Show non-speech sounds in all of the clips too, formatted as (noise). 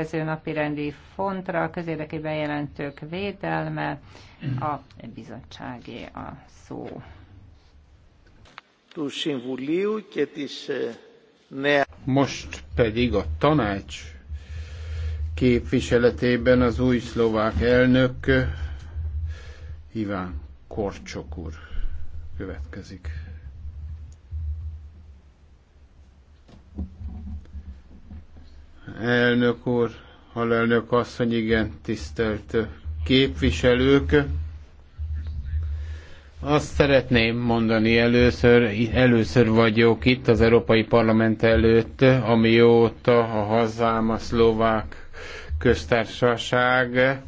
következő napi rendi fontra a közérdekű bejelentők védelme, a bizottságé a szó. Most pedig a tanács képviseletében az új szlovák elnök Iván Korcsok úr következik. elnök úr, halelnök asszony, igen, tisztelt képviselők. Azt szeretném mondani először, először vagyok itt az Európai Parlament előtt, amióta a hazám a szlovák köztársaság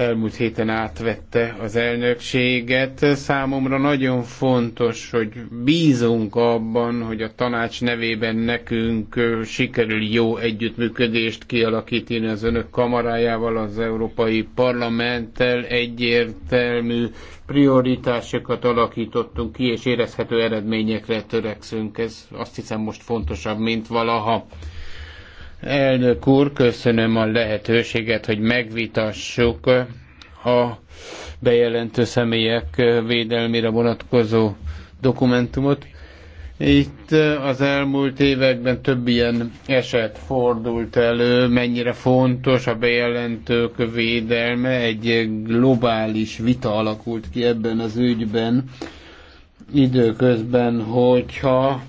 elmúlt héten átvette az elnökséget. Számomra nagyon fontos, hogy bízunk abban, hogy a tanács nevében nekünk sikerül jó együttműködést kialakítani az önök kamarájával, az Európai Parlamenttel egyértelmű prioritásokat alakítottunk ki, és érezhető eredményekre törekszünk. Ez azt hiszem most fontosabb, mint valaha. Elnök úr, köszönöm a lehetőséget, hogy megvitassuk a bejelentő személyek védelmére vonatkozó dokumentumot. Itt az elmúlt években több ilyen eset fordult elő, mennyire fontos a bejelentők védelme, egy globális vita alakult ki ebben az ügyben időközben, hogyha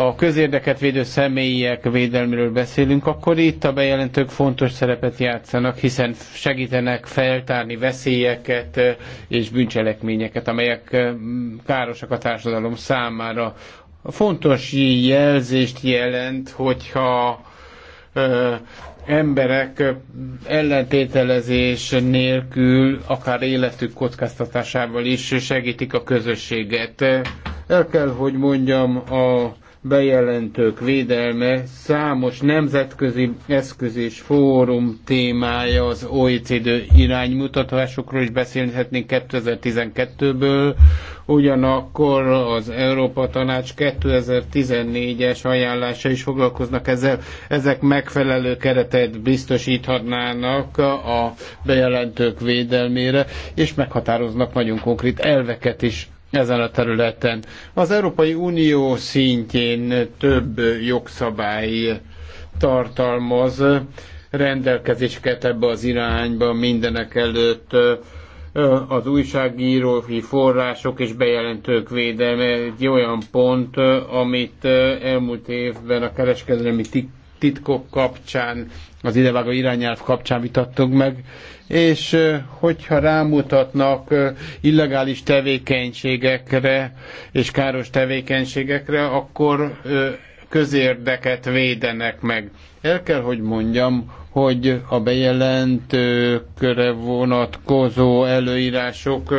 a közérdeket védő személyek védelméről beszélünk, akkor itt a bejelentők fontos szerepet játszanak, hiszen segítenek feltárni veszélyeket eh, és bűncselekményeket, amelyek eh, károsak a társadalom számára. Fontos jelzést jelent, hogyha ö, eh, emberek ellentételezés nélkül, akár életük kockáztatásával is segítik a közösséget. El kell, hogy mondjam, a bejelentők védelme számos nemzetközi eszköz és fórum témája az OECD iránymutatásokról is beszélhetnénk 2012-ből, ugyanakkor az Európa Tanács 2014-es ajánlása is foglalkoznak ezzel. Ezek megfelelő keretet biztosíthatnának a bejelentők védelmére, és meghatároznak nagyon konkrét elveket is ezen a területen. Az Európai Unió szintjén több jogszabály tartalmaz rendelkezéseket ebbe az irányba mindenek előtt az újságírói források és bejelentők védelme egy olyan pont, amit elmúlt évben a kereskedelmi titkok kapcsán, az idevágó irányelv kapcsán vitattunk meg, és hogyha rámutatnak illegális tevékenységekre és káros tevékenységekre, akkor közérdeket védenek meg. El kell, hogy mondjam, hogy a bejelentőkre vonatkozó előírások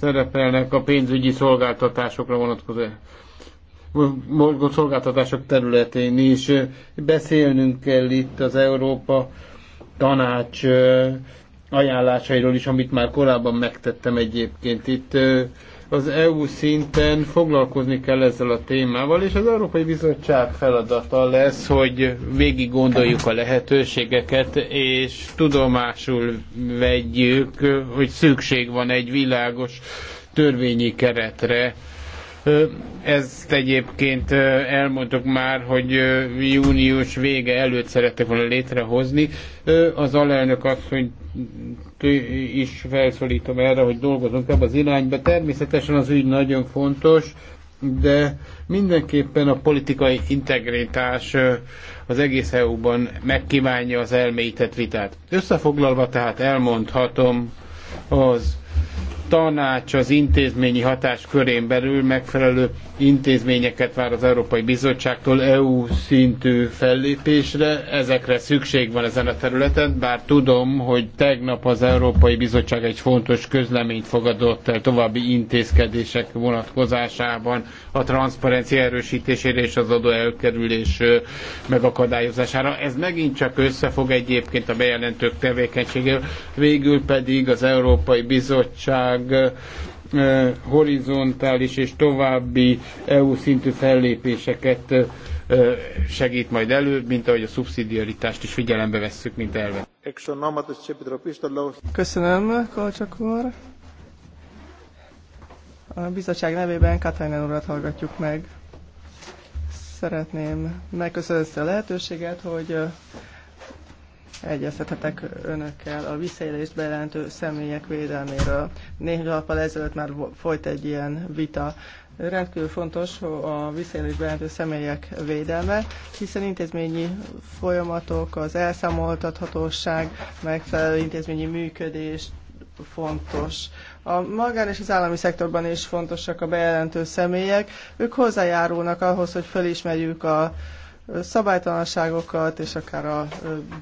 szerepelnek a pénzügyi szolgáltatásokra vonatkozó szolgáltatások területén is. Beszélnünk kell itt az Európa tanács ajánlásairól is, amit már korábban megtettem egyébként. Itt az EU szinten foglalkozni kell ezzel a témával, és az Európai Bizottság feladata lesz, hogy végig gondoljuk a lehetőségeket, és tudomásul vegyük, hogy szükség van egy világos törvényi keretre. Ezt egyébként elmondtok már, hogy június vége előtt szerettek volna létrehozni. Az alelnök azt, hogy is felszólítom erre, hogy dolgozunk ebbe az irányba. Természetesen az ügy nagyon fontos, de mindenképpen a politikai integritás az egész EU-ban megkívánja az elmélyített vitát. Összefoglalva tehát elmondhatom, az tanács az intézményi hatás körén belül megfelelő intézményeket vár az Európai Bizottságtól EU szintű fellépésre. Ezekre szükség van ezen a területen, bár tudom, hogy tegnap az Európai Bizottság egy fontos közleményt fogadott el további intézkedések vonatkozásában a transzparencia erősítésére és az adó elkerülés megakadályozására. Ez megint csak összefog egyébként a bejelentők tevékenységével, végül pedig az Európai Bizottság Magyarország horizontális és további EU szintű fellépéseket segít majd elő, mint ahogy a szubszidiaritást is figyelembe vesszük, mint elve. Köszönöm, Kalcsak úr. A bizottság nevében Katajnán urat hallgatjuk meg. Szeretném megköszönni a lehetőséget, hogy egyeztethetek önökkel a visszaélést bejelentő személyek védelméről. Néhány nappal ezelőtt már folyt egy ilyen vita. Rendkívül fontos a visszaélést bejelentő személyek védelme, hiszen intézményi folyamatok, az elszámoltathatóság, megfelelő intézményi működés fontos. A magán és az állami szektorban is fontosak a bejelentő személyek. Ők hozzájárulnak ahhoz, hogy felismerjük a szabálytalanságokat és akár a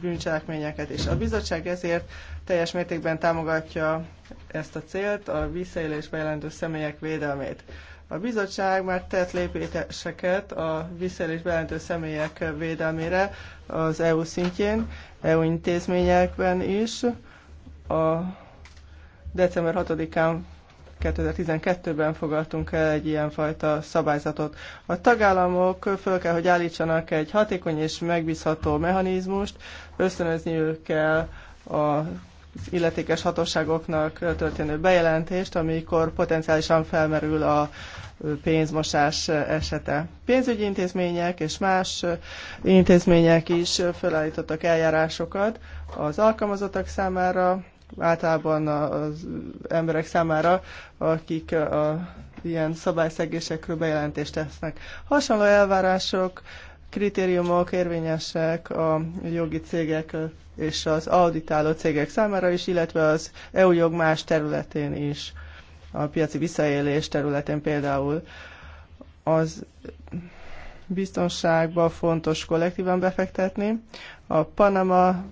bűncselekményeket és A bizottság ezért teljes mértékben támogatja ezt a célt, a visszaélésbe jelentő személyek védelmét. A bizottság már tett lépéseket a visszaélésbe jelentő személyek védelmére az EU szintjén, EU intézményekben is. A december 6-án 2012-ben fogadtunk el egy ilyenfajta szabályzatot. A tagállamok föl kell, hogy állítsanak egy hatékony és megbízható mechanizmust, ösztönözniük kell a illetékes hatóságoknak történő bejelentést, amikor potenciálisan felmerül a pénzmosás esete. Pénzügyi intézmények és más intézmények is felállítottak eljárásokat az alkalmazottak számára, általában az emberek számára, akik a, ilyen szabályszegésekről bejelentést tesznek. Hasonló elvárások, kritériumok érvényesek a jogi cégek és az auditáló cégek számára is, illetve az EU jog más területén is, a piaci visszaélés területén például. Az biztonságban fontos kollektívan befektetni. A Panama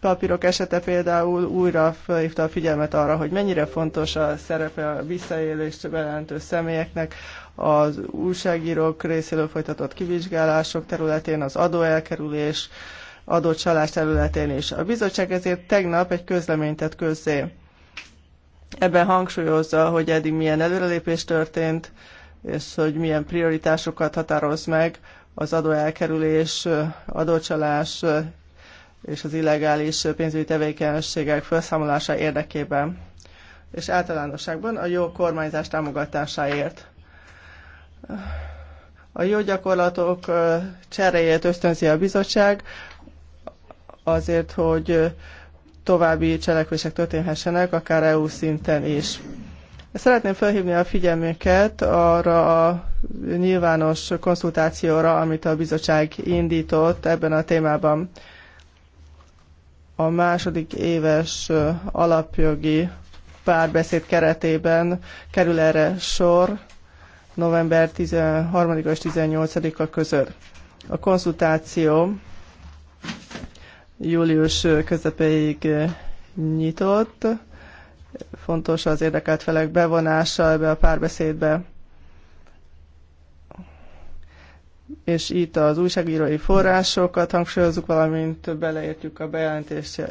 papírok esete például újra felhívta a figyelmet arra, hogy mennyire fontos a szerepe a visszaélést bejelentő személyeknek, az újságírók részéről folytatott kivizsgálások területén, az adóelkerülés, adócsalás területén is. A bizottság ezért tegnap egy közleményt tett közzé. Ebben hangsúlyozza, hogy eddig milyen előrelépés történt, és hogy milyen prioritásokat határoz meg az adóelkerülés, adócsalás és az illegális pénzügyi tevékenységek felszámolása érdekében, és általánosságban a jó kormányzás támogatásáért. A jó gyakorlatok cseréjét ösztönzi a bizottság azért, hogy további cselekvések történhessenek, akár EU szinten is. Szeretném felhívni a figyelmüket arra a nyilvános konszultációra, amit a bizottság indított ebben a témában a második éves alapjogi párbeszéd keretében kerül erre sor november 13 és 18-a között. A konzultáció július közepéig nyitott. Fontos az érdekelt felek bevonása ebbe a párbeszédbe. és itt az újságírói forrásokat hangsúlyozunk, valamint beleértjük a bejelentést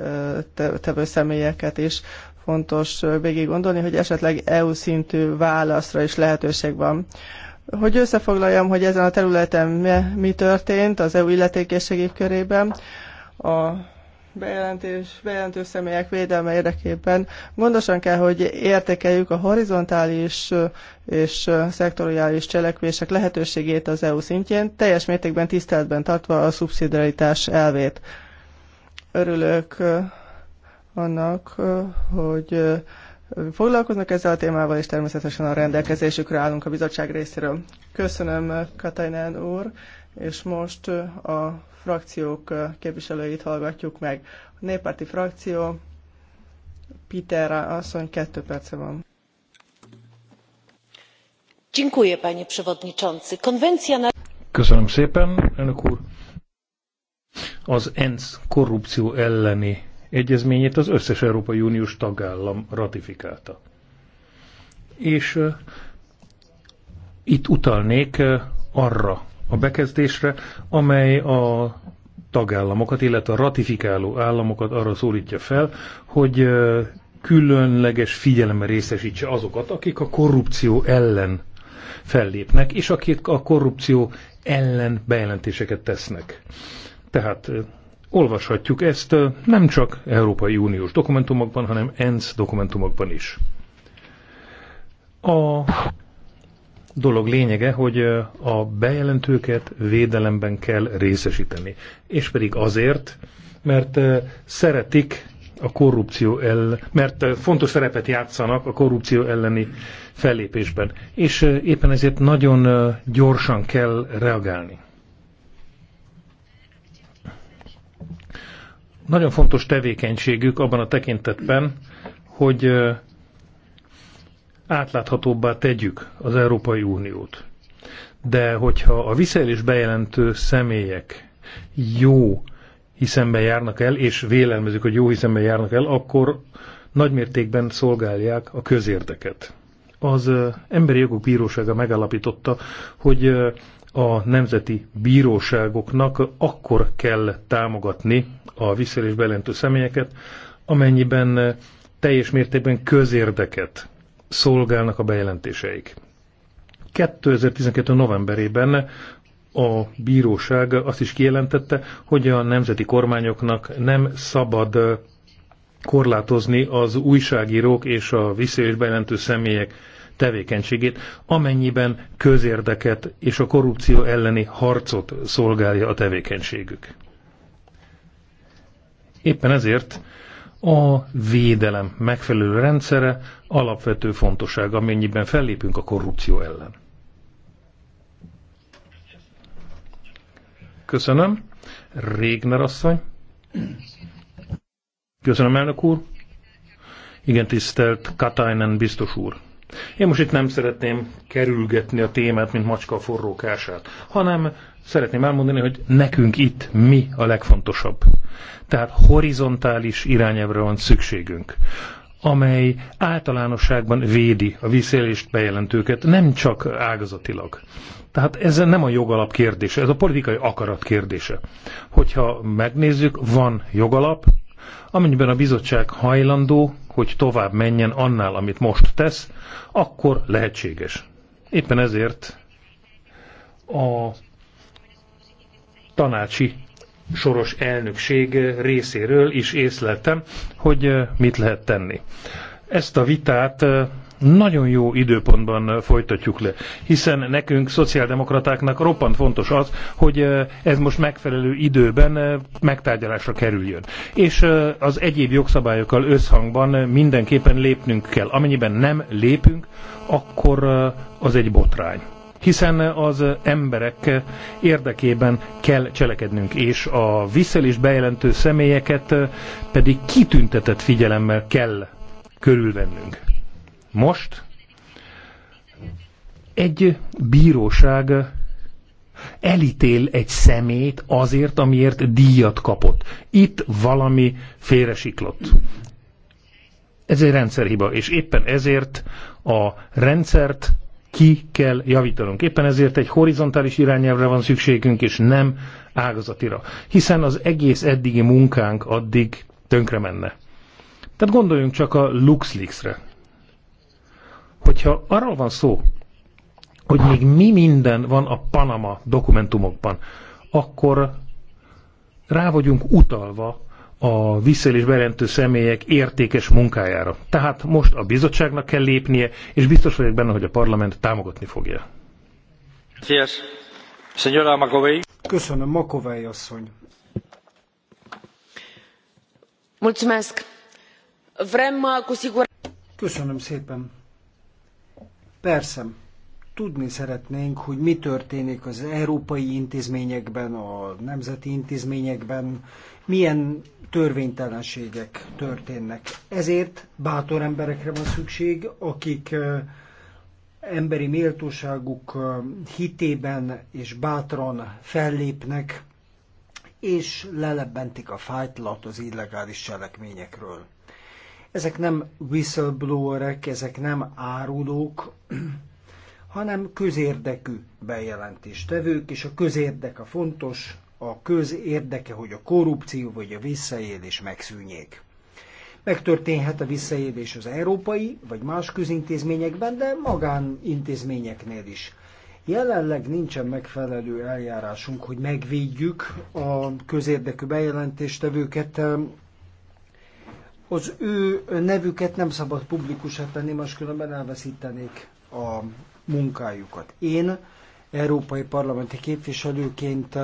tevő személyeket is. Fontos végig gondolni, hogy esetleg EU szintű válaszra is lehetőség van. Hogy összefoglaljam, hogy ezen a területen mi, mi történt az EU illetékességi körében, a bejelentés, bejelentő személyek védelme érdekében gondosan kell, hogy értékeljük a horizontális és szektoriális cselekvések lehetőségét az EU szintjén, teljes mértékben tiszteletben tartva a szubszidiaritás elvét. Örülök annak, hogy foglalkoznak ezzel a témával, és természetesen a rendelkezésükre állunk a bizottság részéről. Köszönöm Katajnán úr, és most a frakciók képviselőit hallgatjuk meg. A néppárti frakció, Peter asszony, kettő perce van. Köszönöm szépen, elnök úr. Az ENSZ korrupció elleni egyezményét az összes Európai Uniós tagállam ratifikálta. És itt utalnék arra a bekezdésre, amely a tagállamokat, illetve a ratifikáló államokat arra szólítja fel, hogy különleges figyelemre részesítse azokat, akik a korrupció ellen fellépnek, és akik a korrupció ellen bejelentéseket tesznek. Tehát olvashatjuk ezt nem csak Európai Uniós dokumentumokban, hanem ENSZ dokumentumokban is. A dolog lényege, hogy a bejelentőket védelemben kell részesíteni. És pedig azért, mert szeretik a korrupció ellen, mert fontos szerepet játszanak a korrupció elleni fellépésben. És éppen ezért nagyon gyorsan kell reagálni. Nagyon fontos tevékenységük abban a tekintetben, hogy átláthatóbbá tegyük az Európai Uniót. De hogyha a visszaélés bejelentő személyek jó hiszemben járnak el, és vélelmezik, hogy jó hiszemben járnak el, akkor nagymértékben szolgálják a közérdeket. Az Emberi Jogok Bírósága megállapította, hogy a nemzeti bíróságoknak akkor kell támogatni a visszaélés bejelentő személyeket, amennyiben teljes mértékben közérdeket szolgálnak a bejelentéseik. 2012. novemberében a bíróság azt is kijelentette, hogy a nemzeti kormányoknak nem szabad korlátozni az újságírók és a vissza és bejelentő személyek tevékenységét, amennyiben közérdeket és a korrupció elleni harcot szolgálja a tevékenységük. Éppen ezért a védelem megfelelő rendszere alapvető fontosság, amennyiben fellépünk a korrupció ellen. Köszönöm. Régner asszony. Köszönöm, elnök úr. Igen, tisztelt Katainen biztos úr. Én most itt nem szeretném kerülgetni a témát, mint macska a kását, hanem szeretném elmondani, hogy nekünk itt mi a legfontosabb. Tehát horizontális irányelvre van szükségünk amely általánosságban védi a vízélést bejelentőket, nem csak ágazatilag. Tehát ez nem a jogalap kérdése, ez a politikai akarat kérdése. Hogyha megnézzük, van jogalap, amennyiben a bizottság hajlandó hogy tovább menjen annál, amit most tesz, akkor lehetséges. Éppen ezért a tanácsi soros elnökség részéről is észleltem, hogy eh, mit lehet tenni. Ezt a vitát eh, nagyon jó időpontban folytatjuk le, hiszen nekünk, szociáldemokratáknak roppant fontos az, hogy ez most megfelelő időben megtárgyalásra kerüljön. És az egyéb jogszabályokkal összhangban mindenképpen lépnünk kell. Amennyiben nem lépünk, akkor az egy botrány hiszen az emberek érdekében kell cselekednünk, és a visszelést bejelentő személyeket pedig kitüntetett figyelemmel kell körülvennünk. Most egy bíróság elítél egy szemét azért, amiért díjat kapott. Itt valami félresiklott. Ez egy rendszerhiba, és éppen ezért a rendszert ki kell javítanunk. Éppen ezért egy horizontális irányelvre van szükségünk, és nem ágazatira. Hiszen az egész eddigi munkánk addig tönkre menne. Tehát gondoljunk csak a LuxLeaks-re hogyha arról van szó, hogy még mi minden van a Panama dokumentumokban, akkor rá vagyunk utalva a visszaélés bejelentő személyek értékes munkájára. Tehát most a bizottságnak kell lépnie, és biztos vagyok benne, hogy a parlament támogatni fogja. Makovei. Köszönöm, Makovei asszony. Mulțumesc. Vrem uh, cu siguranță... Köszönöm szépen. Persze, tudni szeretnénk, hogy mi történik az európai intézményekben, a nemzeti intézményekben, milyen törvénytelenségek történnek. Ezért bátor emberekre van szükség, akik emberi méltóságuk hitében és bátran fellépnek, és lelebbentik a fájtlat az illegális cselekményekről. Ezek nem whistleblowerek, ezek nem árulók, (clears throat) hanem közérdekű bejelentéstevők, és a közérdek a fontos, a közérdeke, hogy a korrupció vagy a visszaélés megszűnjék. Megtörténhet a visszaélés az európai vagy más közintézményekben, de magánintézményeknél is. Jelenleg nincsen megfelelő eljárásunk, hogy megvédjük a közérdekű bejelentéstevőket az ő nevüket nem szabad publikusra tenni, máskülönben elveszítenék a munkájukat. Én európai parlamenti képviselőként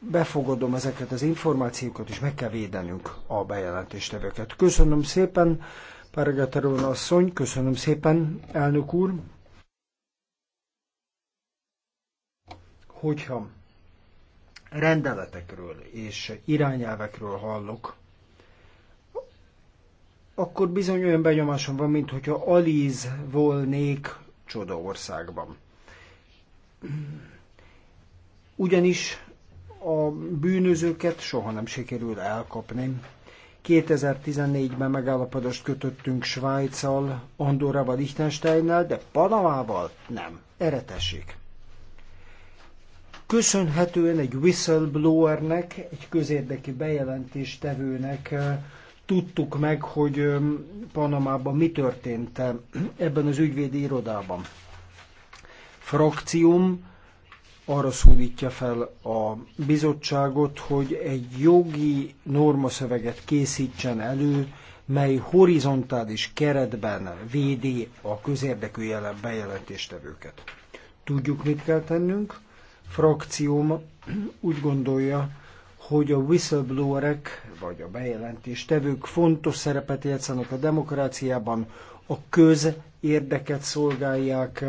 befogadom ezeket az információkat, és meg kell védenünk a bejelentéstevőket. Köszönöm szépen, Páregaterón asszony, köszönöm szépen, elnök úr. Hogyha rendeletekről és irányelvekről hallok, akkor bizony olyan benyomásom van, hogyha alíz volnék csoda országban. Ugyanis a bűnözőket soha nem sikerül elkapni. 2014-ben megállapodást kötöttünk Svájccal, Andorrával, Liechtensteinnel, de Panamával nem. Erre tessék köszönhetően egy whistleblowernek, egy közérdekű bejelentéstevőnek eh, tudtuk meg, hogy eh, Panamában mi történt eh, ebben az ügyvédi irodában. Frakcióm arra szólítja fel a bizottságot, hogy egy jogi normaszöveget készítsen elő, mely horizontális keretben védi a közérdekű bejelentéstevőket. Tudjuk, mit kell tennünk, frakcióm úgy gondolja, hogy a whistleblowerek, vagy a bejelentéstevők fontos szerepet játszanak a demokráciában, a köz érdeket szolgálják,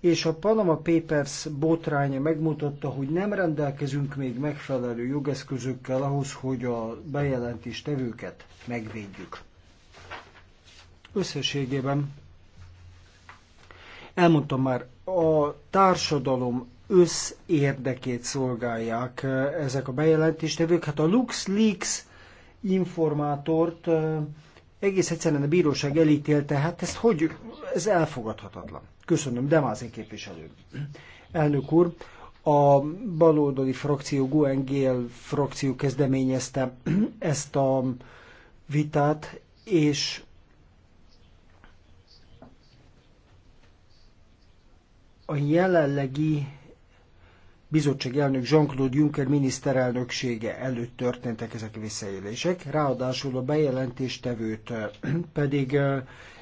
és a Panama Papers botránya megmutatta, hogy nem rendelkezünk még megfelelő jogeszközökkel ahhoz, hogy a bejelentéstevőket megvédjük. Összességében elmondtam már, a társadalom összérdekét szolgálják ezek a bejelentéstevők. Hát a LuxLeaks informátort egész egyszerűen a bíróság elítélte, hát ezt hogy, ez elfogadhatatlan. Köszönöm, de már képviselő. Elnök úr, a baloldali frakció, Guengél frakció kezdeményezte (clears throat) ezt a vitát, és a jelenlegi bizottság elnök Jean-Claude Juncker miniszterelnöksége előtt történtek ezek a visszaélések, ráadásul a bejelentéstevőt (clears throat) pedig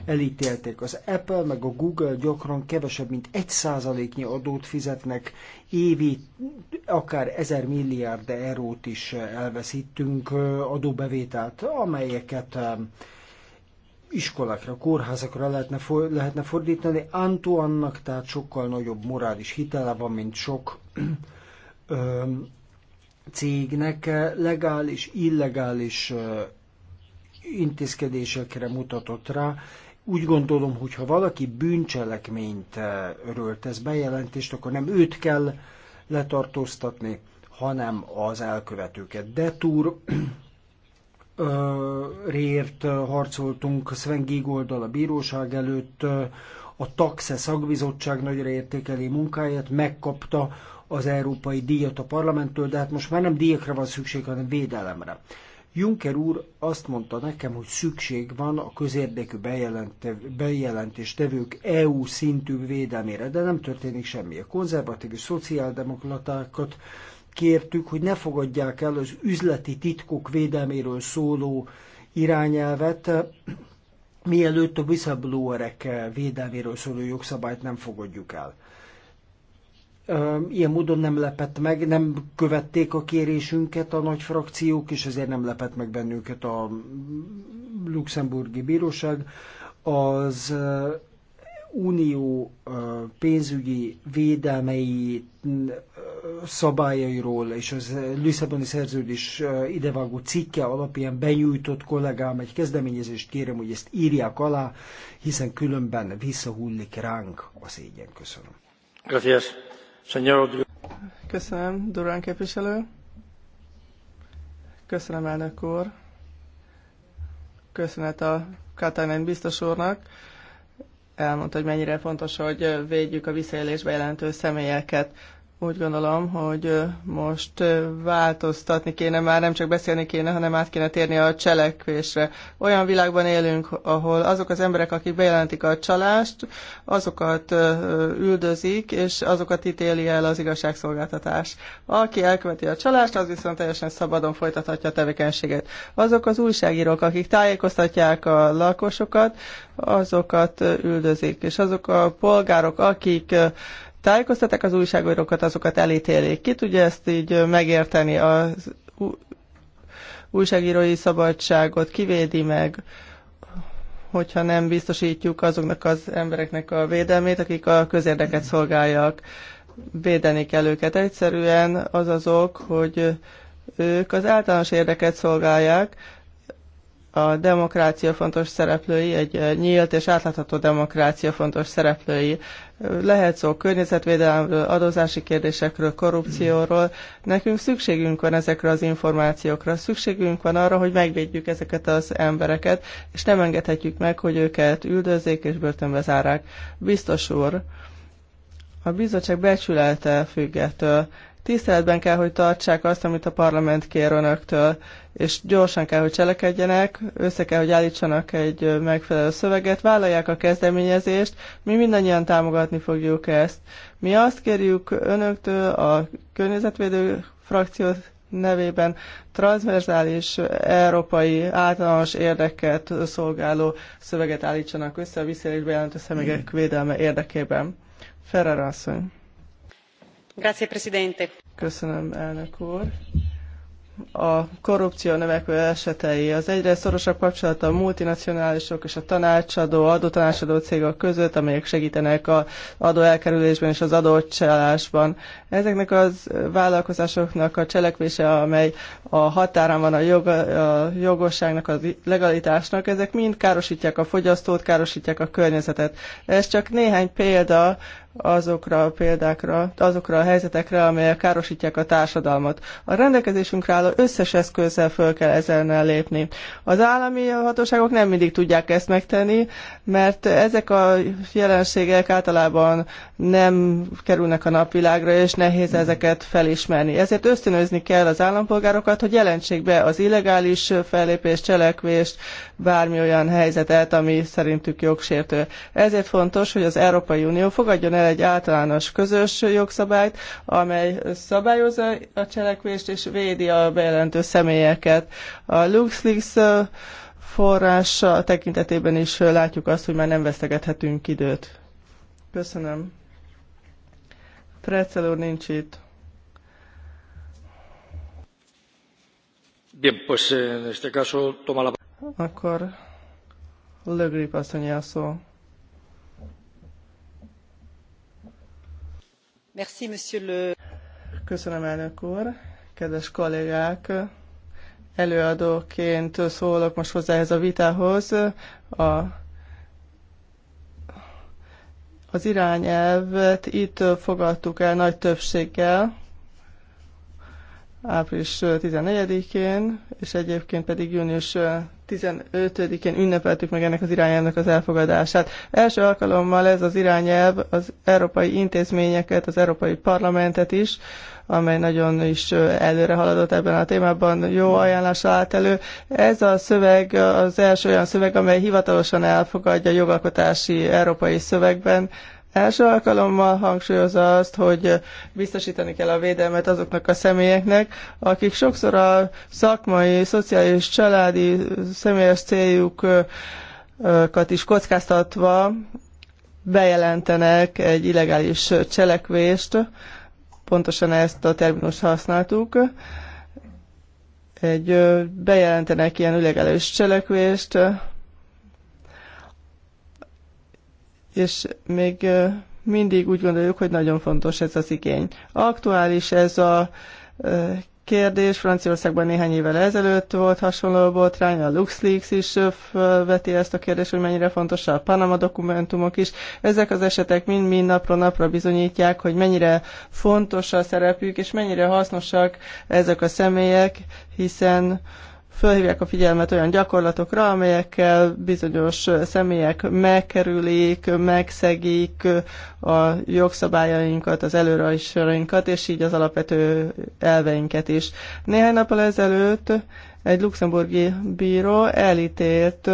elítélték. Az Apple meg a Google gyakran kevesebb, mint egy százaléknyi adót fizetnek, évi akár ezer milliárd eurót is elveszítünk adóbevételt, amelyeket iskolákra, kórházakra lehetne, lehetne fordítani. Antoannak tehát sokkal nagyobb morális hitele van, mint sok cégnek legális, illegális intézkedésekre mutatott rá. Úgy gondolom, hogy ha valaki bűncselekményt örölt ez bejelentést, akkor nem őt kell letartóztatni, hanem az elkövetőket. De túr rért harcoltunk Sven Gigoldal a bíróság előtt, a TAXE szakbizottság nagyra értékeli munkáját, megkapta az európai díjat a parlamenttől, de hát most már nem díjakra van szükség, hanem védelemre. Juncker úr azt mondta nekem, hogy szükség van a közérdekű bejelentéstevők EU szintű védelmére, de nem történik semmi. A konzervatív és szociáldemokratákat kértük, hogy ne fogadják el az üzleti titkok védelméről szóló irányelvet, mielőtt a whistleblowerek védelméről szóló jogszabályt nem fogadjuk el ilyen módon nem lepett meg, nem követték a kérésünket a nagy frakciók, és ezért nem lepett meg bennünket a luxemburgi bíróság. Az unió pénzügyi védelmei szabályairól és az Lisszaboni szerződés idevágó cikke alapján benyújtott kollégám egy kezdeményezést kérem, hogy ezt írják alá, hiszen különben visszahullik ránk a szégyen. Köszönöm. Köszönöm. Köszönöm, Durán képviselő. Köszönöm, elnök úr. Köszönet a Katalin biztos úrnak. Elmondta, hogy mennyire fontos, hogy védjük a visszaélésbe jelentő személyeket. Úgy gondolom, hogy most változtatni kéne, már nem csak beszélni kéne, hanem át kéne térni a cselekvésre. Olyan világban élünk, ahol azok az emberek, akik bejelentik a csalást, azokat üldözik, és azokat ítéli el az igazságszolgáltatás. Aki elköveti a csalást, az viszont teljesen szabadon folytathatja a tevékenységet. Azok az újságírók, akik tájékoztatják a lakosokat, azokat üldözik. És azok a polgárok, akik tájékoztatják az újságírókat, azokat elítélik. Ki tudja ezt így megérteni? Az újságírói szabadságot kivédi meg, hogyha nem biztosítjuk azoknak az embereknek a védelmét, akik a közérdeket szolgálják. Védeni kell őket. Egyszerűen az az ok, hogy ők az általános érdeket szolgálják, a demokrácia fontos szereplői, egy eh, nyílt és átlátható demokrácia fontos szereplői. Lehet szó környezetvédelemről, adózási kérdésekről, korrupcióról. Nekünk szükségünk van ezekre az információkra, szükségünk van arra, hogy megvédjük ezeket az embereket, és nem engedhetjük meg, hogy őket üldözzék és börtönbe zárák. Biztos úr, a bizottság becsülelte függetől tiszteletben kell, hogy tartsák azt, amit a parlament kér önöktől, és gyorsan kell, hogy cselekedjenek, össze kell, hogy állítsanak egy megfelelő szöveget, vállalják a kezdeményezést, mi mindannyian támogatni fogjuk ezt. Mi azt kérjük önöktől a környezetvédő frakció nevében transzverzális európai általános érdeket szolgáló szöveget állítsanak össze a visszaélésbe jelentő személyek hmm. védelme érdekében. Ferrer asszony. Köszönöm, A korrupció növekvő esetei az egyre szorosabb kapcsolat a multinacionálisok és a tanácsadó, adótanácsadó cégek között, amelyek segítenek az adóelkerülésben és az adócsalásban. Ezeknek a vállalkozásoknak a cselekvése, amely a határán van a, jog, a jogosságnak, a legalitásnak, ezek mind károsítják a fogyasztót, károsítják a környezetet. Ez csak néhány példa azokra a példákra, azokra a helyzetekre, amelyek károsítják a társadalmat. A rendelkezésünkre álló összes eszközzel föl kell ezennel lépni. Az állami hatóságok nem mindig tudják ezt megtenni, mert ezek a jelenségek általában nem kerülnek a napvilágra, és nehéz ezeket felismerni. Ezért ösztönözni kell az állampolgárokat, hogy jelentsék be az illegális fellépés, cselekvést, bármi olyan helyzetet, ami szerintük jogsértő. Ezért fontos, hogy az Európai Unió fogadjon el egy általános közös jogszabályt, amely szabályozza a cselekvést és védi a bejelentő személyeket. A LuxLeaks forrása tekintetében is látjuk azt, hogy már nem vesztegethetünk időt. Köszönöm. Pretzel úr nincs itt. Bien, pues en este caso toma la... Akkor Le Grip asszonyi a szó. Merci, monsieur le... Köszönöm, elnök úr. Kedves kollégák, előadóként szólok most hozzá ehhez a vitához. A, az irányelvet itt fogadtuk el nagy többséggel, április 14-én, és egyébként pedig június 15-én ünnepeltük meg ennek az irányelvnek az elfogadását. Első alkalommal ez az irányelv az európai intézményeket, az európai parlamentet is, amely nagyon is előre haladott ebben a témában, jó ajánlás állt elő. Ez a szöveg az első olyan szöveg, amely hivatalosan elfogadja jogalkotási európai szövegben Első alkalommal hangsúlyozza azt, hogy biztosítani kell a védelmet azoknak a személyeknek, akik sokszor a szakmai, szociális, családi, személyes céljukat is kockáztatva bejelentenek egy illegális cselekvést, pontosan ezt a terminus használtuk, egy bejelentenek ilyen illegális cselekvést, és még mindig úgy gondoljuk, hogy nagyon fontos ez az igény. Aktuális ez a kérdés, Franciaországban néhány évvel ezelőtt volt hasonló botrány, a LuxLeaks is felveti ezt a kérdést, hogy mennyire fontos a Panama dokumentumok is. Ezek az esetek mind-mind napról napra bizonyítják, hogy mennyire fontos a szerepük, és mennyire hasznosak ezek a személyek, hiszen uh, fölhívják a figyelmet olyan gyakorlatokra, amelyekkel bizonyos személyek megkerülik, megszegik a jogszabályainkat, az előrajzsorainkat, és így az alapvető elveinket is. Néhány nappal ezelőtt egy luxemburgi bíró elítélt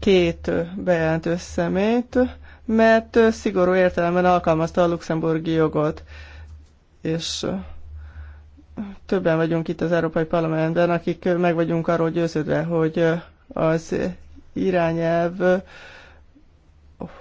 két bejelentő szemét, mert szigorú értelemben alkalmazta a luxemburgi jogot. És többen vagyunk itt az Európai Parlamentben, akik meg vagyunk arról győződve, hogy az irányelv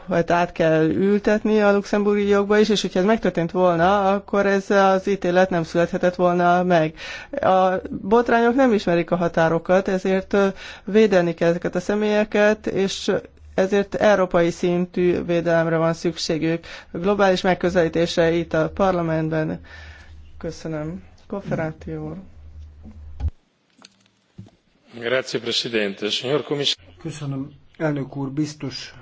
hát át kell ültetni a luxemburgi jogba is, és hogyha ez megtörtént volna, akkor ez az ítélet nem születhetett volna meg. A botrányok nem ismerik a határokat, ezért védeni kell ezeket a személyeket, és ezért európai szintű védelemre van szükségük. Globális megközelítése itt a parlamentben. Köszönöm. Signor Köszönöm, elnök úr, biztos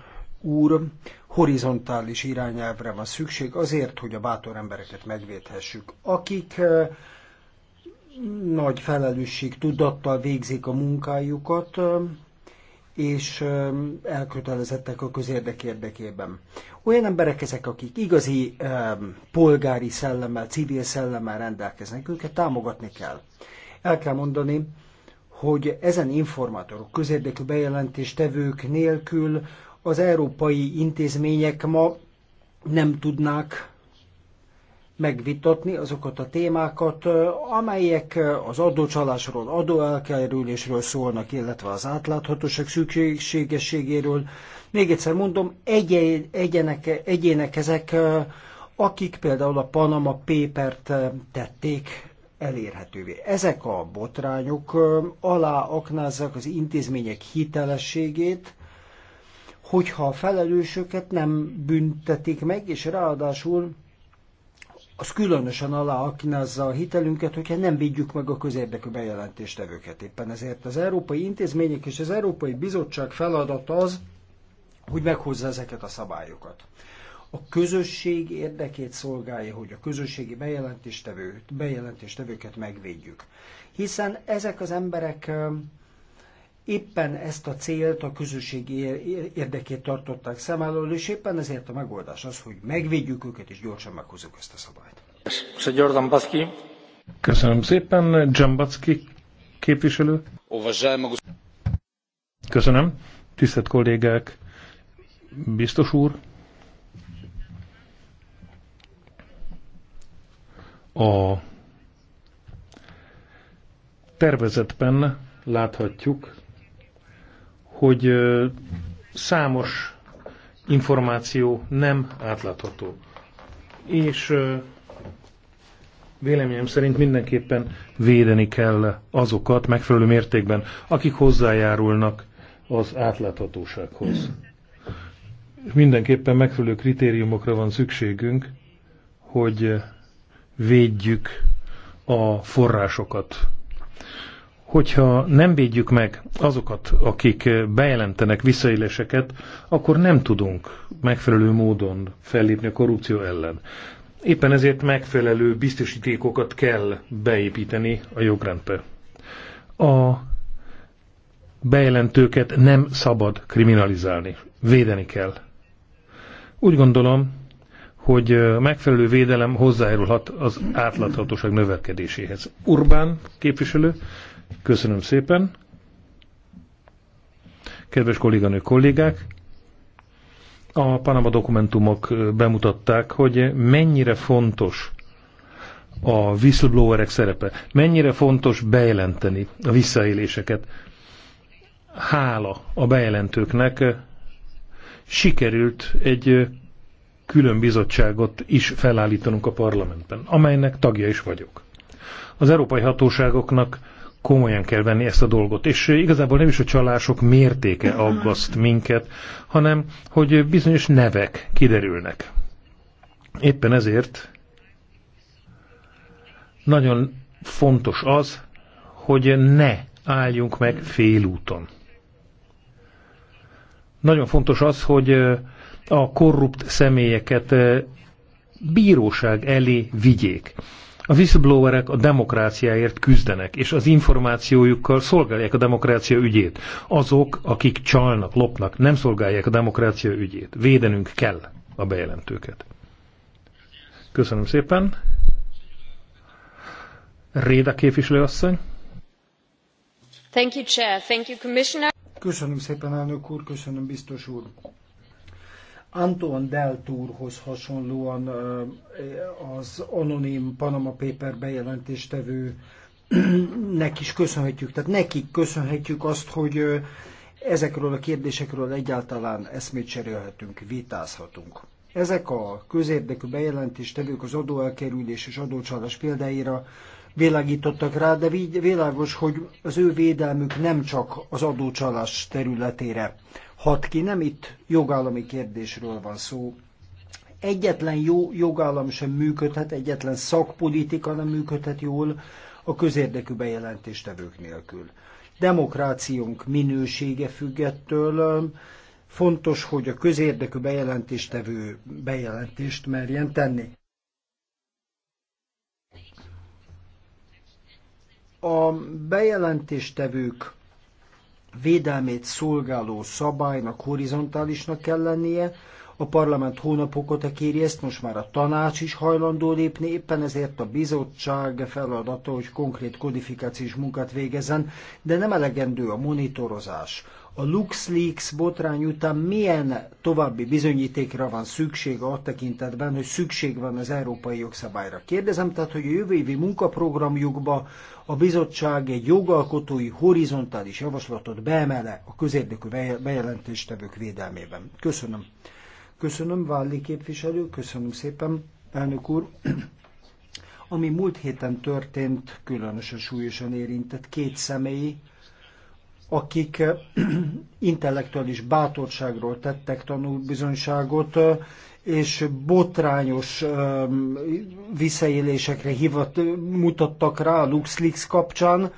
úr, horizontális irányelvre van szükség azért, hogy a bátor embereket megvédhessük, akik eh, nagy felelősség végzik a munkájukat, eh, és elkötelezettek a közérdek érdekében. Olyan emberek ezek, akik igazi polgári szellemmel, civil szellemmel rendelkeznek, őket támogatni kell. El kell mondani, hogy ezen informátorok, közérdekű bejelentéstevők nélkül az európai intézmények ma nem tudnák megvitatni azokat a témákat, amelyek az adócsalásról, adóelkerülésről szólnak, illetve az átláthatóság szükségességéről. Még egyszer mondom, egyének, egyenek, egyének ezek, akik például a Panama Papert tették elérhetővé. Ezek a botrányok alá aknázzák az intézmények hitelességét, hogyha a felelősöket nem büntetik meg, és ráadásul az különösen aláaknázza a hitelünket, hogyha nem védjük meg a közérdekű bejelentéstevőket. Éppen ezért az európai intézmények és az Európai Bizottság feladata az, hogy meghozza ezeket a szabályokat. A közösség érdekét szolgálja, hogy a közösségi bejelentéstevőket megvédjük. Hiszen ezek az emberek éppen ezt a célt, a közösség érdekét tartották szem elől, és éppen ezért a megoldás az, hogy megvédjük őket, és gyorsan meghozzuk ezt a szabályt. Köszönöm szépen, Dzsambacki képviselő. Köszönöm. Tisztelt kollégák, biztos úr. A tervezetben láthatjuk, hogy számos információ nem átlátható. És véleményem szerint mindenképpen védeni kell azokat megfelelő mértékben, akik hozzájárulnak az átláthatósághoz. Mindenképpen megfelelő kritériumokra van szükségünk, hogy védjük a forrásokat hogyha nem védjük meg azokat, akik bejelentenek visszaéléseket, akkor nem tudunk megfelelő módon fellépni a korrupció ellen. Éppen ezért megfelelő biztosítékokat kell beépíteni a jogrendbe. A bejelentőket nem szabad kriminalizálni. Védeni kell. Úgy gondolom, hogy megfelelő védelem hozzájárulhat az átláthatóság növekedéséhez. Urbán képviselő, Köszönöm szépen. Kedves kolléganő kollégák, a Panama dokumentumok bemutatták, hogy mennyire fontos a whistleblowerek szerepe, mennyire fontos bejelenteni a visszaéléseket. Hála a bejelentőknek sikerült egy külön bizottságot is felállítanunk a parlamentben, amelynek tagja is vagyok. Az európai hatóságoknak komolyan kell venni ezt a dolgot. És eh, igazából nem is a csalások mértéke mhm. aggaszt minket, hanem hogy bizonyos nevek kiderülnek. Éppen ezért nagyon fontos az, hogy ne álljunk meg félúton. Nagyon fontos az, hogy eh, a korrupt személyeket eh, bíróság elé vigyék. A whistleblowerek a demokráciáért küzdenek, és az információjukkal szolgálják a demokrácia ügyét. Azok, akik csalnak, lopnak, nem szolgálják a demokrácia ügyét. Védenünk kell a bejelentőket. Köszönöm szépen. Réda képviselőasszony. Thank you, Chair. Thank you, Commissioner. Köszönöm szépen, elnök úr, köszönöm, biztos úr. Antoine Deltourhoz hasonlóan az anonim Panama Paper bejelentéstevő (clears throat) nek is köszönhetjük, tehát nekik köszönhetjük azt, hogy ezekről a kérdésekről egyáltalán eszmét cserélhetünk, vitázhatunk. Ezek a közérdekű bejelentéstevők az adóelkerülés és adócsalás példáira világítottak rá, de világos, hogy az ő védelmük nem csak az adócsalás területére hat ki. Nem itt jogállami kérdésről van szó. Egyetlen jó jogállam sem működhet, egyetlen szakpolitika nem működhet jól a közérdekű bejelentéstevők nélkül. Demokráciunk minősége függettől fontos, hogy a közérdekű bejelentéstevő bejelentést merjen tenni. A bejelentéstevők védelmét szolgáló szabálynak horizontálisnak kell lennie, a parlament hónapok óta kéri ezt, most már a tanács is hajlandó lépni, éppen ezért a bizottság feladata, hogy konkrét kodifikációs munkát végezzen, de nem elegendő a monitorozás. A LuxLeaks botrány után milyen további bizonyítékra van szükség a tekintetben, hogy szükség van az európai jogszabályra? Kérdezem tehát, hogy a jövő évi munkaprogramjukba a bizottság egy jogalkotói horizontális javaslatot beemele a közérdekű bejelentéstevők védelmében. Köszönöm. Köszönöm, Válli képviselő, köszönöm szépen, elnök úr. (clears throat) Ami múlt héten történt, különösen súlyosan érintett két személy, akik (clears throat) intellektuális bátorságról tettek tanulbizonyságot, és botrányos visszaélésekre hivat, mutattak rá a LuxLeaks kapcsán.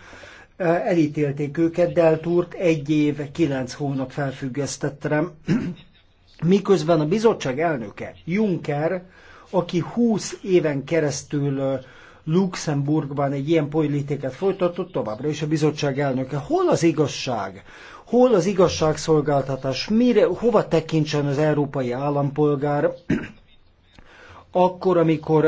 Elítélték őket, Deltúrt egy év, kilenc hónap felfüggesztettem. (clears throat) Miközben a bizottság elnöke, Juncker, aki 20 éven keresztül Luxemburgban egy ilyen politikát folytatott, továbbra is a bizottság elnöke. Hol az igazság? Hol az igazságszolgáltatás? Mire, hova tekintsen az európai állampolgár? (clears throat) akkor, amikor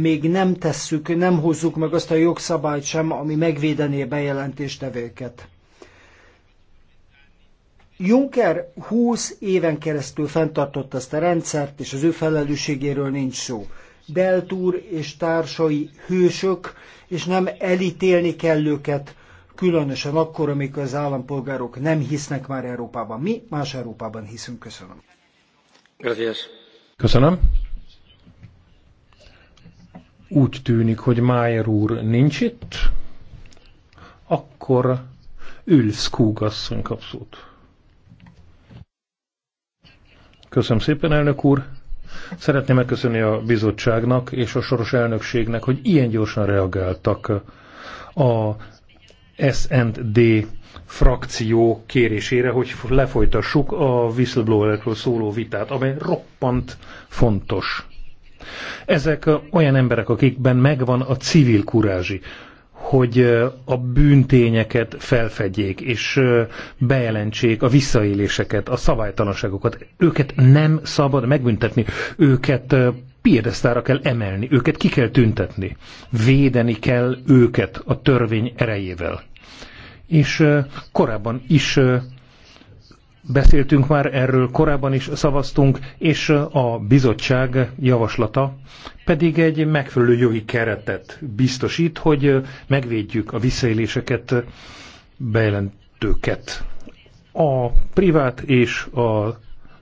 még nem tesszük, nem hozzuk meg azt a jogszabályt sem, ami megvédené bejelentéstevéket. Juncker 20 éven keresztül fenntartotta ezt a rendszert, és az ő felelősségéről nincs szó. Deltúr és társai hősök, és nem elítélni kell őket, különösen akkor, amikor az állampolgárok nem hisznek már Európában. Mi más Európában hiszünk. Köszönöm. Gracias. Köszönöm. Úgy tűnik, hogy Májer úr nincs itt. Akkor Ülsz Kúgasszony kapszót. Köszönöm szépen, elnök úr. Szeretném megköszönni a bizottságnak és a soros elnökségnek, hogy ilyen gyorsan reagáltak a S&D frakció kérésére, hogy lefolytassuk a whistleblowerekről szóló vitát, amely roppant fontos. Ezek olyan emberek, akikben megvan a civil kurázsi, hogy a bűntényeket felfedjék, és bejelentsék a visszaéléseket, a szabálytalanságokat. Őket nem szabad megbüntetni, őket piedesztára kell emelni, őket ki kell tüntetni, védeni kell őket a törvény erejével. És korábban is Beszéltünk már erről, korábban is szavaztunk, és a bizottság javaslata pedig egy megfelelő jogi keretet biztosít, hogy megvédjük a visszaéléseket, bejelentőket a privát és az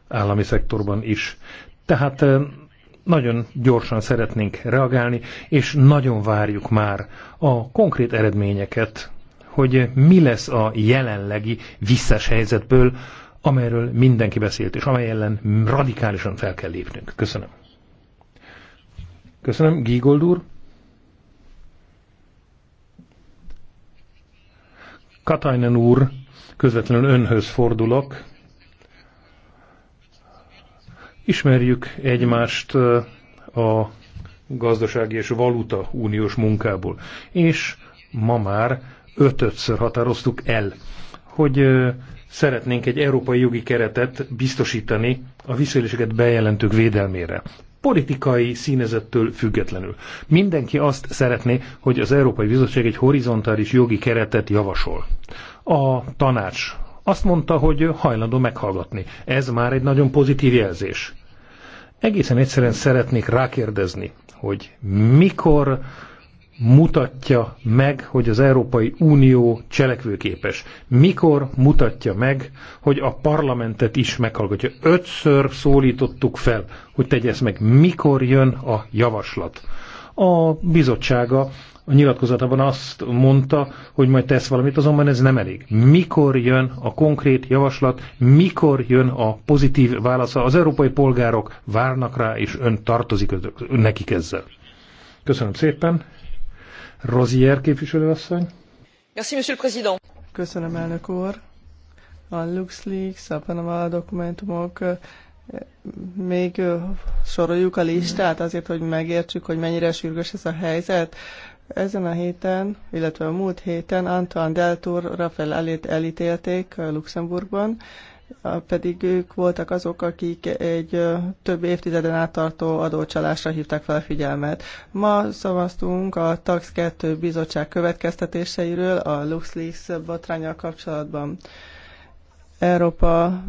állami szektorban is. Tehát eh, nagyon gyorsan szeretnénk reagálni, és nagyon várjuk már a konkrét eredményeket, hogy mi lesz a jelenlegi visszás helyzetből, amelyről mindenki beszélt, és amely ellen radikálisan fel kell lépnünk. Köszönöm. Köszönöm, Gígold úr. Katajnen úr, közvetlenül önhöz fordulok. Ismerjük egymást uh, a gazdasági és valuta uniós munkából, és ma már ötötször határoztuk el, hogy uh, szeretnénk egy európai jogi keretet biztosítani a visszaéléseket bejelentők védelmére politikai színezettől függetlenül. Mindenki azt szeretné, hogy az Európai Bizottság egy horizontális jogi keretet javasol. A tanács azt mondta, hogy hajlandó meghallgatni. Ez már egy nagyon pozitív jelzés. Egészen egyszerűen szeretnék rákérdezni, hogy mikor mutatja meg, hogy az Európai Unió cselekvőképes? Mikor mutatja meg, hogy a parlamentet is meghallgatja? Ötször szólítottuk fel, hogy tegye ezt meg. Mikor jön a javaslat? A bizottsága a nyilatkozatában azt mondta, hogy majd tesz valamit, azonban ez nem elég. Mikor jön a konkrét javaslat, mikor jön a pozitív válasza? Az európai polgárok várnak rá, és ön tartozik nekik ezzel. Köszönöm szépen. Rozier képviselőasszony. Merci, monsieur le président. Köszönöm, elnök úr. A LuxLeaks, a Panama dokumentumok, eh, még eh, soroljuk a listát azért, hogy megértsük, hogy mennyire sürgős ez a helyzet. Ezen a héten, illetve a múlt héten Antoine Deltour Rafael elét elítélték eh, Luxemburgban, pedig ők voltak azok, akik egy több évtizeden át tartó adócsalásra hívták fel a figyelmet. Ma szavaztunk a TAX 2 bizottság következtetéseiről a LuxLeaks botrányal kapcsolatban. Európa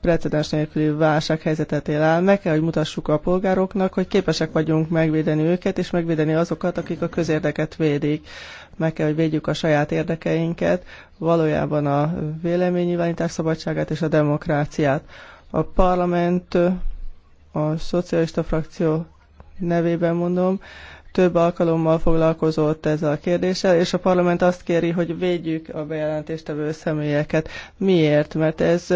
precedens nélküli válsághelyzetet él el. Meg kell, hogy mutassuk a polgároknak, hogy képesek vagyunk megvédeni őket, és megvédeni azokat, akik a közérdeket védik. Meg kell, hogy védjük a saját érdekeinket, valójában a véleménynyilvánítás szabadságát és a demokráciát. A parlament, a szocialista frakció nevében mondom, több alkalommal foglalkozott ezzel a kérdéssel, és a parlament azt kéri, hogy védjük a bejelentéstevő személyeket. Miért? Mert ez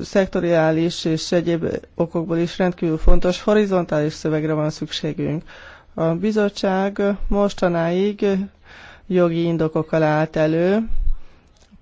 szektoriális és egyéb okokból is rendkívül fontos, horizontális szövegre van szükségünk. A bizottság mostanáig jogi indokokkal állt elő,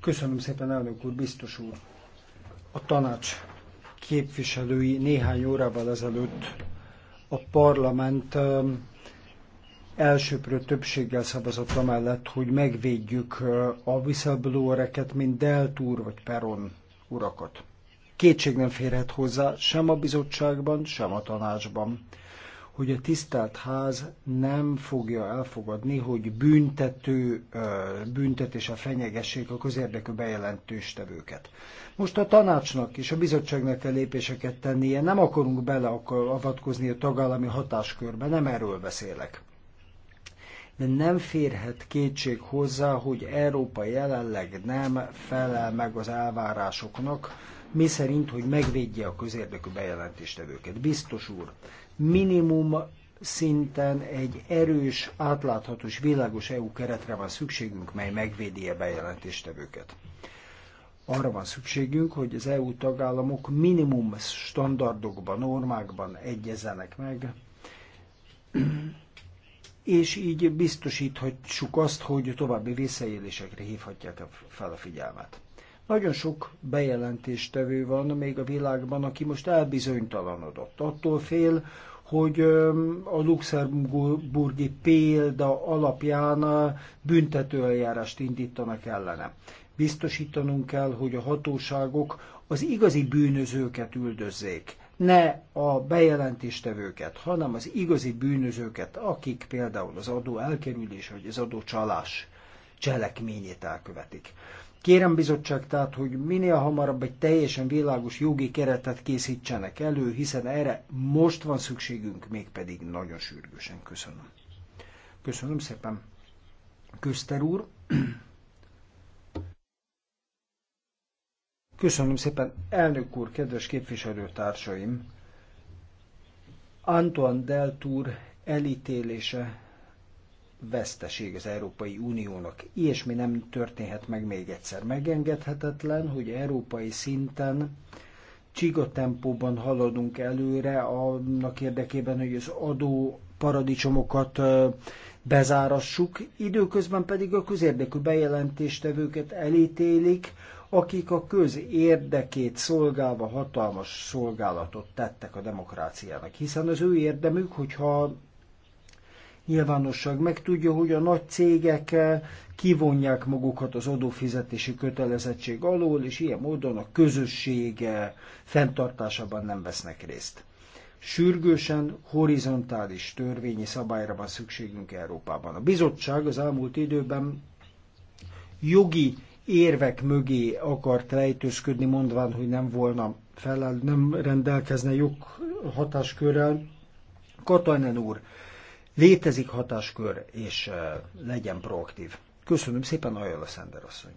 Köszönöm szépen, elnök úr, biztos úr. A tanács képviselői néhány órával ezelőtt a parlament um, elsőprő többséggel szavazott amellett, hogy megvédjük uh, a whistleblowereket, mint Deltúr vagy Peron urakat. Kétség nem férhet hozzá sem a bizottságban, sem a tanácsban hogy a tisztelt ház nem fogja elfogadni, hogy büntető, büntetése fenyegessék a közérdekű bejelentőstevőket. Most a tanácsnak és a bizottságnak kell lépéseket tennie, nem akarunk beleavatkozni a tagállami hatáskörbe, nem erről beszélek de nem férhet kétség hozzá, hogy Európa jelenleg nem felel meg az elvárásoknak, mi szerint, hogy megvédje a közérdekű bejelentéstevőket. Biztos úr, minimum szinten egy erős, átláthatós, világos EU keretre van szükségünk, mely megvédi a bejelentéstevőket. Arra van szükségünk, hogy az EU tagállamok minimum standardokban, normákban egyezenek meg, és így biztosíthatjuk azt, hogy további visszaélésekre hívhatják fel a figyelmet. Nagyon sok bejelentéstevő van még a világban, aki most elbizonytalanodott. Attól fél, hogy a luxemburgi példa alapján büntetőeljárást indítanak ellene. Biztosítanunk kell, hogy a hatóságok az igazi bűnözőket üldözzék, ne a bejelentéstevőket, hanem az igazi bűnözőket, akik például az adó elkerülés vagy az adó csalás cselekményét elkövetik. Kérem bizottság tehát, hogy minél hamarabb egy teljesen világos jogi keretet készítsenek elő, hiszen erre most van szükségünk, mégpedig nagyon sürgősen. Köszönöm. Köszönöm szépen. Köszter úr. Köszönöm szépen, elnök úr, kedves képviselőtársaim! Antoine Deltour elítélése veszteség az Európai Uniónak. Ilyesmi nem történhet meg még egyszer. Megengedhetetlen, hogy európai szinten csiga tempóban haladunk előre annak érdekében, hogy az adó paradicsomokat bezárassuk, időközben pedig a közérdekű bejelentéstevőket elítélik, akik a közérdekét szolgálva hatalmas szolgálatot tettek a demokráciának. Hiszen az ő érdemük, hogyha nyilvánosság megtudja, hogy a nagy cégek eh, kivonják magukat az adófizetési kötelezettség alól, és ilyen módon a közösség eh, fenntartásában nem vesznek részt. Sürgősen horizontális törvényi szabályra van szükségünk Európában. A bizottság az elmúlt időben jogi érvek mögé akart rejtőzködni, mondván, hogy nem volna felel, nem rendelkezne joghatáskörrel. Katajnen úr, létezik hatáskör, és legyen proaktív. Köszönöm szépen, Ajala Szender asszony.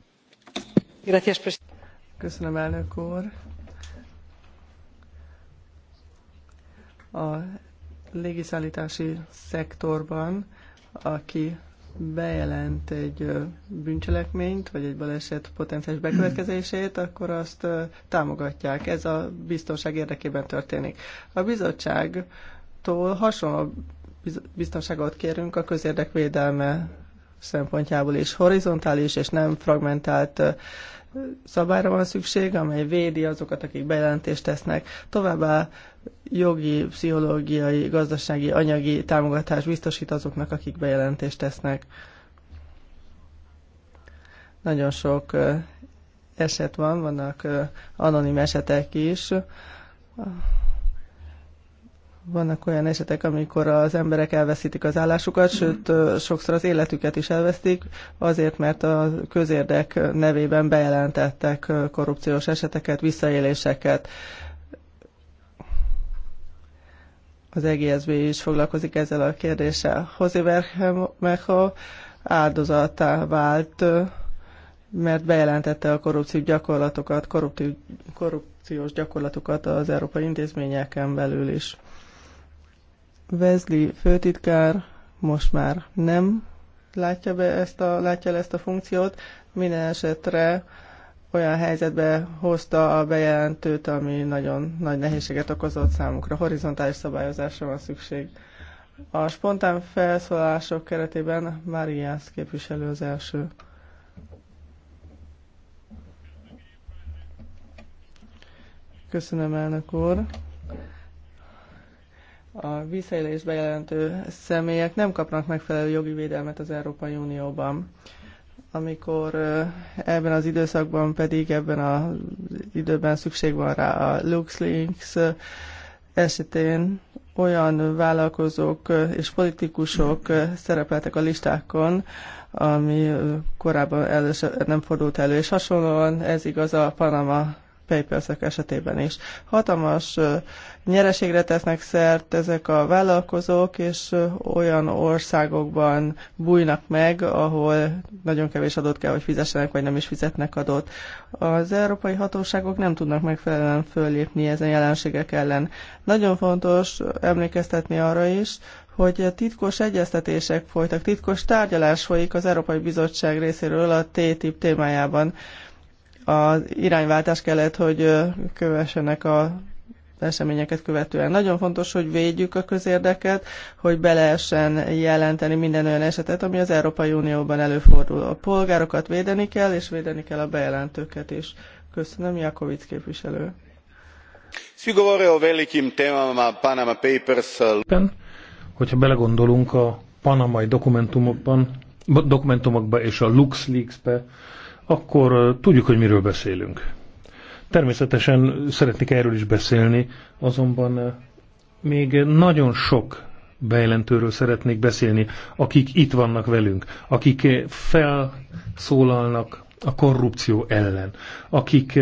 Köszönöm, elnök úr. A légiszállítási szektorban, aki bejelent egy bűncselekményt, vagy egy baleset potenciális bekövetkezését, akkor azt támogatják. Ez a biztonság érdekében történik. A bizottságtól hasonló biztonságot kérünk a közérdek védelme szempontjából is. Horizontális és nem fragmentált szabályra van szükség, amely védi azokat, akik bejelentést tesznek. Továbbá jogi, pszichológiai, gazdasági, anyagi támogatás biztosít azoknak, akik bejelentést tesznek. Nagyon sok eset van, vannak anonim esetek is vannak olyan esetek, amikor az emberek elveszítik az állásukat, sőt, sokszor az életüket is elvesztik, azért, mert a közérdek nevében bejelentettek korrupciós eseteket, visszaéléseket. Az EGSB is foglalkozik ezzel a kérdéssel. Hozi Bermejo áldozattá vált, mert bejelentette a korrupció gyakorlatokat, korruptív, korrupciós gyakorlatokat az európai intézményeken belül is. Wesley főtitkár most már nem látja be ezt a, látja le ezt a funkciót, minden esetre olyan helyzetbe hozta a bejelentőt, ami nagyon nagy nehézséget okozott számukra. Horizontális szabályozásra van szükség. A spontán felszólások keretében Máriász képviselő az első. Köszönöm, elnök úr a visszaélésbe jelentő személyek nem kapnak megfelelő jogi védelmet az Európai Unióban. Amikor ebben az időszakban pedig ebben az időben szükség van rá a LuxLeaks esetén olyan vállalkozók és politikusok szerepeltek a listákon, ami korábban először nem fordult elő, és hasonlóan ez igaz a Panama papers esetében is. Hatalmas nyereségre tesznek szert ezek a vállalkozók, és olyan országokban bújnak meg, ahol nagyon kevés adót kell, hogy fizessenek, vagy nem is fizetnek adót. Az európai hatóságok nem tudnak megfelelően föllépni ezen jelenségek ellen. Nagyon fontos emlékeztetni arra is, hogy titkos egyeztetések folytak, titkos tárgyalás folyik az Európai Bizottság részéről a TTIP témájában az irányváltás kellett, hogy kövessenek a eseményeket követően. Nagyon fontos, hogy védjük a közérdeket, hogy be lehessen jelenteni minden olyan esetet, ami az Európai Unióban előfordul. A polgárokat védeni kell, és védeni kell a bejelentőket is. Köszönöm, Jakovic képviselő. Svi govore o velikim temama Panama Papers. Hogyha belegondolunk a panamai dokumentumokban, dokumentumokba és a LuxLeaks-be, akkor tudjuk, hogy miről beszélünk. Természetesen szeretnék erről is beszélni, azonban még nagyon sok bejelentőről szeretnék beszélni, akik itt vannak velünk, akik felszólalnak a korrupció ellen, akik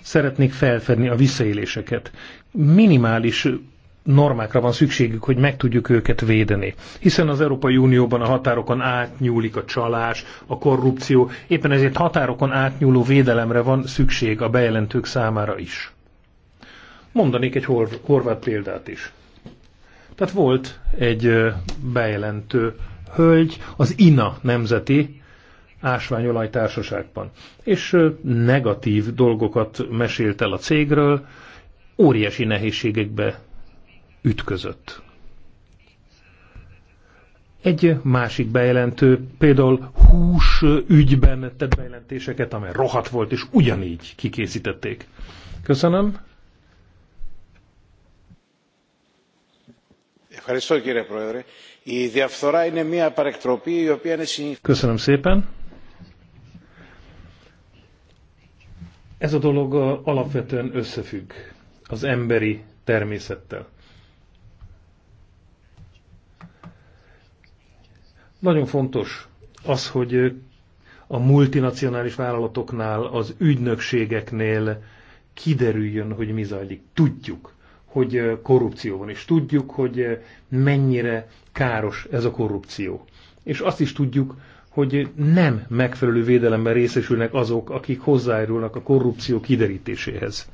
szeretnék felfedni a visszaéléseket. Minimális normákra van szükségük, hogy meg tudjuk őket védeni. Hiszen az Európai Unióban a határokon átnyúlik a csalás, a korrupció, éppen ezért határokon átnyúló védelemre van szükség a bejelentők számára is. Mondanék egy hor- horvát példát is. Tehát volt egy bejelentő hölgy az INA nemzeti ásványolaj társaságban, és negatív dolgokat mesélt el a cégről, óriási nehézségekbe ütközött. Egy másik bejelentő például hús ügyben tett bejelentéseket, amely rohadt volt, és ugyanígy kikészítették. Köszönöm. Köszönöm szépen. Ez a dolog alapvetően összefügg az emberi természettel. Nagyon fontos az, hogy a multinacionális vállalatoknál, az ügynökségeknél kiderüljön, hogy mi zajlik. Tudjuk, hogy korrupció van, és tudjuk, hogy mennyire káros ez a korrupció. És azt is tudjuk, hogy nem megfelelő védelemben részesülnek azok, akik hozzájárulnak a korrupció kiderítéséhez.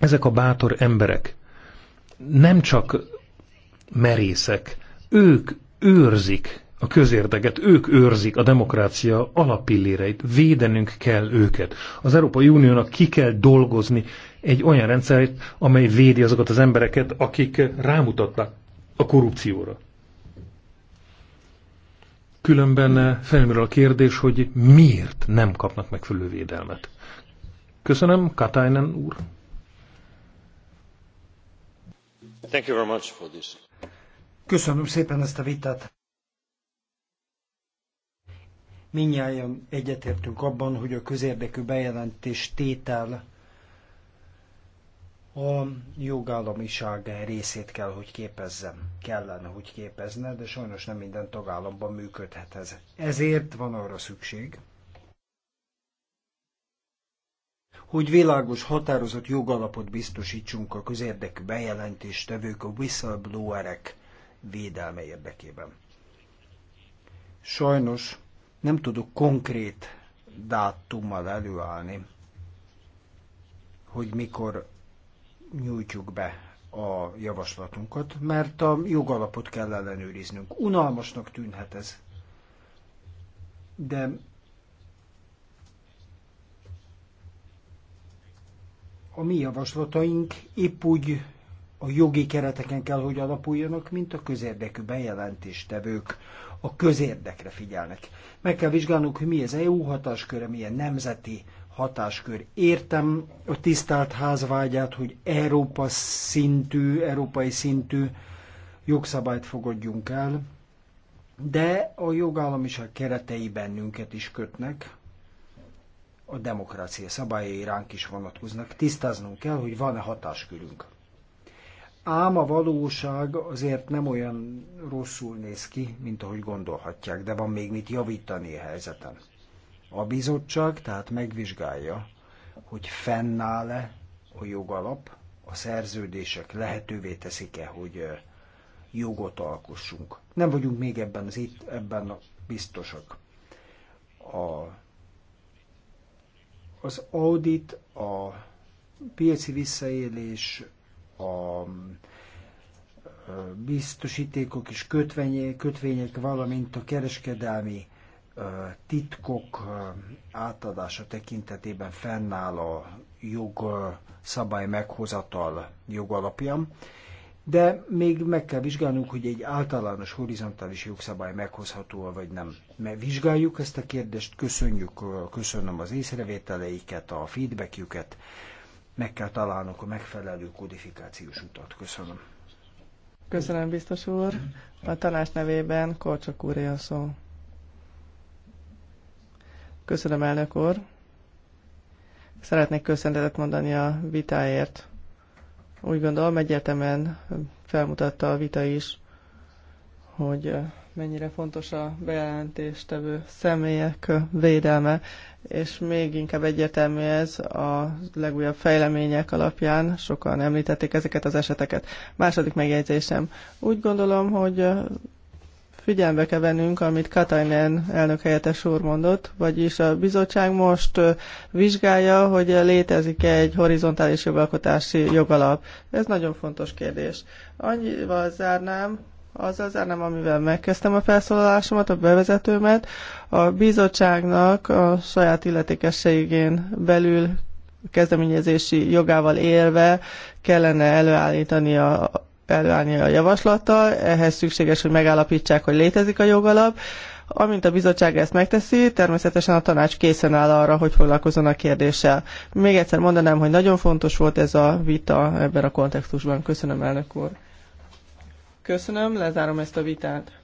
Ezek a bátor emberek nem csak merészek, ők őrzik a közérdeket, ők őrzik a demokrácia alapilléreit, védenünk kell őket. Az Európai Uniónak ki kell dolgozni egy olyan rendszerét, amely védi azokat az embereket, akik rámutatnak a korrupcióra. Különben felmerül a kérdés, hogy miért nem kapnak megfelelő védelmet. Köszönöm, Katainen úr. Thank you very much for this. Köszönöm szépen ezt a vitát. Minnyáján egyetértünk abban, hogy a közérdekű bejelentés tétel a jogállamiság részét kell, hogy képezzem, kellene, hogy képezne, de sajnos nem minden tagállamban működhet ez. Ezért van arra szükség, hogy világos, határozott jogalapot biztosítsunk a közérdekű bejelentéstevők, a whistleblowerek védelme érdekében. Sajnos nem tudok konkrét dátummal előállni, hogy mikor nyújtjuk be a javaslatunkat, mert a jogalapot kell ellenőriznünk. Unalmasnak tűnhet ez, de a mi javaslataink épp úgy a jogi kereteken kell, hogy alapuljanak, mint a közérdekű bejelentéstevők a közérdekre figyelnek. Meg kell vizsgálnunk, hogy mi az EU hatásköre, milyen nemzeti hatáskör. Értem a tisztelt házvágyát, hogy Európa szintű, európai szintű jogszabályt fogadjunk el, de a jogállamiság keretei bennünket is kötnek, a demokrácia szabályai ránk is vonatkoznak. Tisztáznunk kell, hogy van-e hatáskörünk. Ám a valóság azért nem olyan rosszul néz ki, mint ahogy gondolhatják, de van még mit javítani a helyzeten. A bizottság tehát megvizsgálja, hogy fennáll-e a jogalap, a szerződések lehetővé teszik-e, hogy jogot alkossunk. Nem vagyunk még ebben az itt, ebben biztosak. A, az audit, a piaci visszaélés a biztosítékok és kötvények, kötvények valamint a kereskedelmi titkok átadása tekintetében fennáll a jogszabály meghozatal jogalapján, de még meg kell vizsgálnunk, hogy egy általános horizontális jogszabály meghozható vagy nem. Mert vizsgáljuk ezt a kérdést, köszönjük, köszönöm az észrevételeiket, a feedbackjüket, meg kell találnunk a megfelelő kodifikációs utat. Köszönöm. Köszönöm, biztos úr. A tanács nevében Korcsak úr a szó. Köszönöm, elnök úr. Szeretnék köszönetet mondani a vitáért. Úgy gondolom, egyértelműen felmutatta a vita is, hogy mennyire fontos a bejelentéstevő személyek védelme, és még inkább egyértelmű ez a legújabb fejlemények alapján, sokan említették ezeket az eseteket. Második megjegyzésem. Úgy gondolom, hogy figyelembe kell vennünk, amit Katainen elnök helyettes úr mondott, vagyis a bizottság most vizsgálja, hogy létezik -e egy horizontális jogalkotási jogalap. Ez nagyon fontos kérdés. Annyival zárnám, az az nem, amivel megkezdtem a felszólalásomat, a bevezetőmet, a bizottságnak a saját illetékességén belül kezdeményezési jogával élve kellene előállítani a, előállni a javaslattal, ehhez szükséges, hogy megállapítsák, hogy létezik a jogalap. Amint a bizottság ezt megteszi, természetesen a tanács készen áll arra, hogy foglalkozzon a kérdéssel. Még egyszer mondanám, hogy nagyon fontos volt ez a vita ebben a kontextusban. Köszönöm, elnök úr. Köszönöm, lezárom ezt a vitát.